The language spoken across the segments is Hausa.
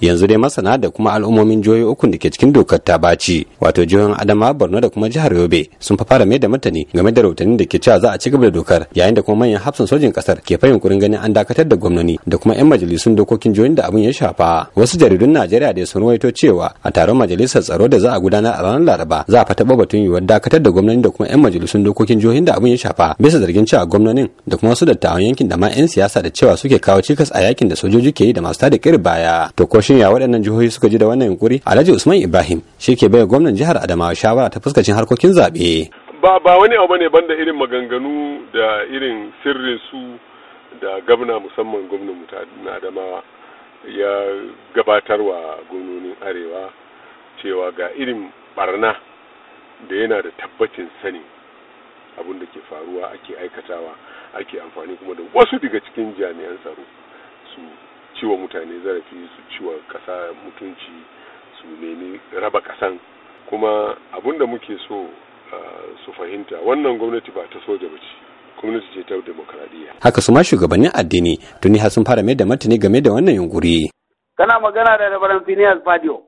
yanzu dai masana da kuma al'ummomin jihohi uku da ke cikin dokar ta baci wato jihohin adama borno da kuma jihar yobe sun fa fara mai da martani game da rahotannin da ke cewa za a ci gaba da dokar yayin da kuma manyan hafsan sojin kasar ke fa kurin ganin an dakatar da gwamnoni da kuma yan majalisun dokokin jihohin da abin ya shafa wasu jaridun najeriya da sun rawaito cewa a taron majalisar tsaro da za a gudanar a ranar laraba za a fata batun yiwuwar dakatar da gwamnoni da kuma yan majalisun dokokin jihohin da abin ya shafa bisa zargin cewa gwamnonin da kuma wasu dattawan yankin da ma yan siyasa da cewa suke kawo cikas a yakin da sojoji ke yi da masu tada kiri baya to ko shin ya waɗannan jihohi suka ji da wannan yunkuri alhaji usman ibrahim shi ke bai gwamnan jihar adamawa shawara ta fuskacin harkokin zaɓe ba ba wani abu ne banda irin maganganu da irin sirrin su da gwamna musamman gwamnan mu na adamawa ya gabatarwa gwamnonin arewa cewa ga irin barna da yana da tabbacin sani abin da ke faruwa ake aikatawa ake amfani kuma da wasu daga cikin jami'an tsaro su ciwa mutane zarafi su ciwa kasa mutunci su nemi raba kasan kuma abun da muke so su fahimta wannan gwamnati ba ta soja ba ce gwamnati ce ta demokradiyya. haka su ma shugabannin addini tuni har sun fara mai da martani game da wannan yunkuri. kana magana da rabaran phineas fadio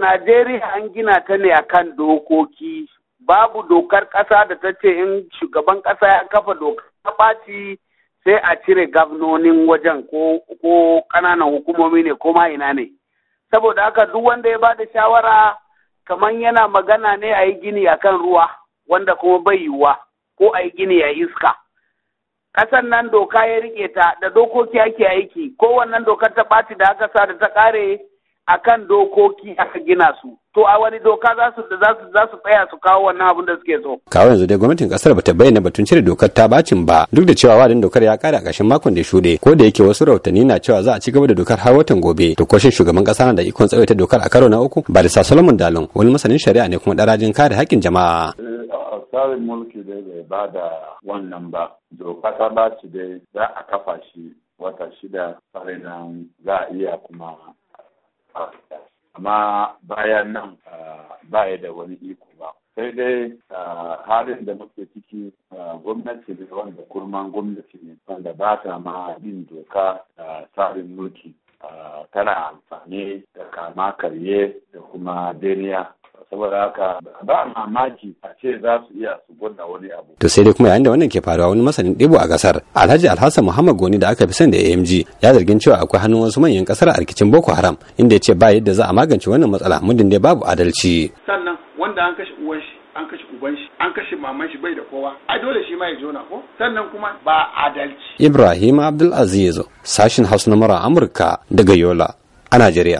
najeriya an gina ta ne akan dokoki babu dokar kasa da ta ce in shugaban kasa ya kafa dokar ta sai a cire gabnonin wajen ko ƙananan hukumomi ne ko ina ne saboda haka duk wanda ya ba da shawara kamar yana magana ne a yi gini a kan ruwa wanda kuma bai yiwuwa ko a yi gini a iska ƙasan nan doka ya riƙe ta da dokoki ake aiki ko dokar ta ɓaci da aka sa da ta ƙare akan dokoki aka gina su to a wani doka za su su tsaya su kawo wannan abin da suke so kawo yanzu dai gwamnatin kasar bata bayyana batun cire dokar ta bacin ba duk da cewa wadin dokar ya kare a ƙarshen makon da shuɗe ko da yake wasu rahotanni na cewa za a ci gaba da dokar har watan gobe to koshin shugaban kasa na da ikon tsawaita dokar a karo na uku ba da solomon dalon wani masanin shari'a ne kuma darajin kare haƙƙin jama'a eh, tsarin mulki dai bai ba da wannan ba doka ta ba dai za a kafa shi wata shida farinan za a iya kuma amma bayan nan ba ya da wani iko ba sai dai halin da muke ciki gwamnati ne wanda kurman gwamnati ne wanda ba ta ma bin doka da tsarin mulki tana amfani da kama karye da kuma deniya saboda haka ba mamaki a ce za su iya su gwada wani abu. To sai dai kuma yayin da wannan ke faruwa wani masanin ɗebo a ƙasar, Alhaji Alhassan Muhammad Goni da aka fi sani da AMG ya zargin cewa akwai hannun wasu manyan kasar a rikicin Boko Haram inda ya ce ba yadda za a magance wannan matsala muddin dai babu adalci. Sannan wanda an kashe uwan shi an kashe uban shi an kashe maman shi bai da kowa ai dole shi ma ya jona ko sannan kuma ba adalci. Ibrahim Abdulaziz sashin Hausa na Amurka daga Yola a Najeriya.